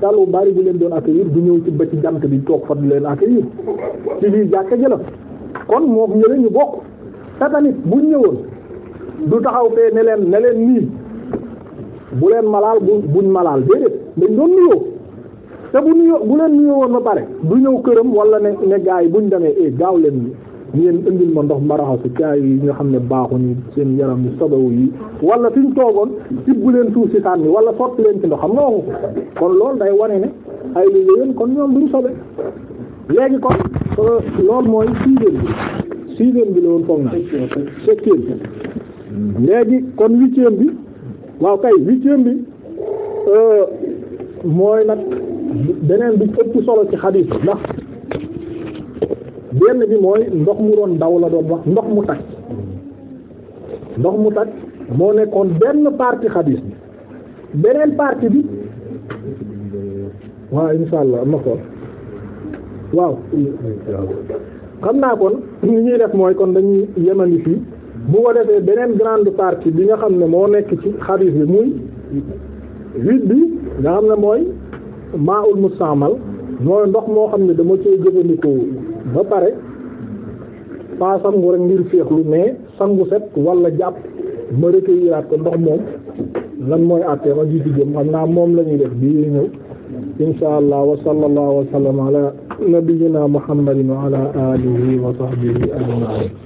te lu bari bu leen doon accueillir du ñëw ci ba ci jant bi toog fa du leen accueillir ci biir jàkka jëlam kon moom ñëwee ñu bokk te tamit bu ñëwoon du taxaw fee ne leen ne leen nii bu leen malaal bu buñ malaal déedéet dañ doon nuyoo te bu nuyoo bu leen nuyoo woon ba pare du ñëw këram wala ne ne gaa yi buñ demee eh gaaw leen nii ngeen indil ma ndox ma raxasu caay yi nga xam ne baaxu baaxuñu seen yaram yi sabawu yi wala fi ñu toogoon tibb leen suuf si sànni wala sotti leen ci ndox xam nga waxu kon lool day wane ne ay liggéeyam kon ñoom duñu sobe léegi kon euh, loolu mooy sixième bi sixième bi la woon foog naa septième léegi kon huitième bi waaw kay huitième bi euh, mooy nag beneen bi ëpp solo ci xadiis ndax benn bi mooy ndox mu doon daw la doon wax ndox mu tag ndox mu tag moo nekkoon benn partie xadiis bi beneen partie bi waaw insha allah am waaw xam naa kon li ñuy def mooy kon dañuy yemandi fii bu ko defee beneen grande partie bi nga xam ne moo nekk ci xadiis bi muy huit bi nga xam ne mooy maa ul mustaamal mooy ndox moo xam ne dama cee jëfandikoo ba pare pas sangu rek ngir féexlu mais sangu set wala jàpp ma recueillir ko ndox moom lan mooy àttee ma ji jëm xam naa moom lañuy ñuy def bii ñëw insha allah wa sallallahu wa sallam muhammadin wa ala wa sahbihi ajma'in